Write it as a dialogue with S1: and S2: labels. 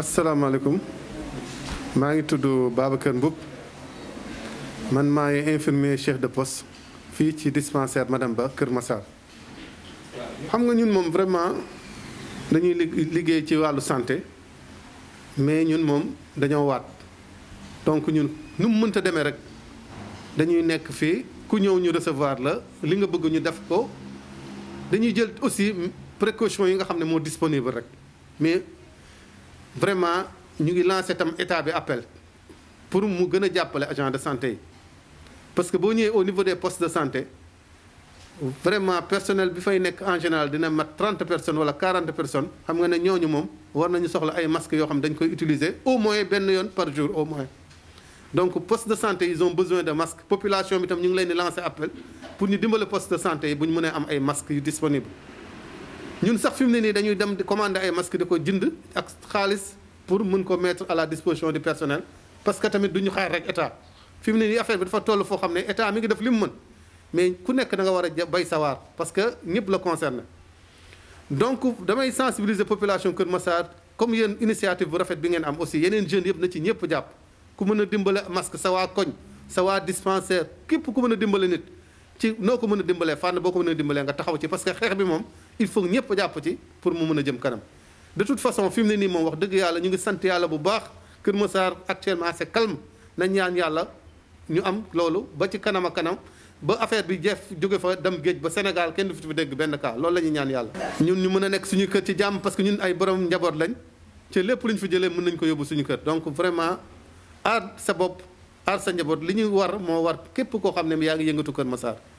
S1: asalaamaaleykum maa ngi tudd kër Mboup man maa ngi infirmier chef de poste fii ci dispensaire madame Ba Kër Massar xam nga ñun moom vraiment dañuy liggéey ci wàllu santé mais ñun moom dañoo waat donc ñun nu mu mënta demee rek dañuy nekk fii ku ñëw ñu recevoir la li nga bëgg ñu def ko dañuy jël aussi précaution yi nga xam ne moo disponible rek mais vraiment ñu ngi lancé tam état appel pour mu gëna jappalé agent de santé parce que nous ñëwé au niveau des postes de santé vraiment personnel en général dina mat 30 personnes ou 40 personnes xam nga né ñooñu masques yo xam dañ utiliser au moins ben par jour au moins. donc poste de santé ils ont besoin de masques population bi tam ñu ngi appel pour que les poste de santé buñ des masques yu disponible ñun sax fi mu ne nii dañuy dem di commander ay masques di ko jënd ak xaalis pour mën ko mettre à la disposition du personnel parce que tamit du ñu xaar rek état fi mu ne nii affaire bi dafa toll foo xam ne état mi ngi def li mu mën mais ku nekk da nga war a bay sawaar parce que ñëpp la concerné donc damay sensibiliser population Kër Massar comme yéen initiative bu rafet bi ngeen am aussi yeneen jeunes yëpp na ci ñëpp jàpp ku mën a dimbale masque sa waa koñ sa waa dispensaire ku mën a dimbale nit ci noo ko mën a a taxaw ci parce que xeex bi moom il faut ñëpp jàpp ci pour mu mën a jëm kanam de façon fi mu ne nii moom wax dëgg yàlla ñu ngi sant yàlla bu baax Kër Massar actuellement c'est calme nañ ñaan yàlla ñu am loolu ba ci kanam kanam ba affaire bi jeef jóge fa dem géej ba Sénégal kenn du fi dégg benn cas loolu la ñuy ñaan yàlla. ñun ñu mën a nekk suñu kër ci jàmm parce que ñun ay borom njaboot lañ ci lépp lu ñu fi jëlee mën nañ ko yóbbu suñu kër donc vraiment aar sa bopp aar sa njaboot li ñuy war moo war képp koo xam ne yaa ngi yëngatu Kër Massar.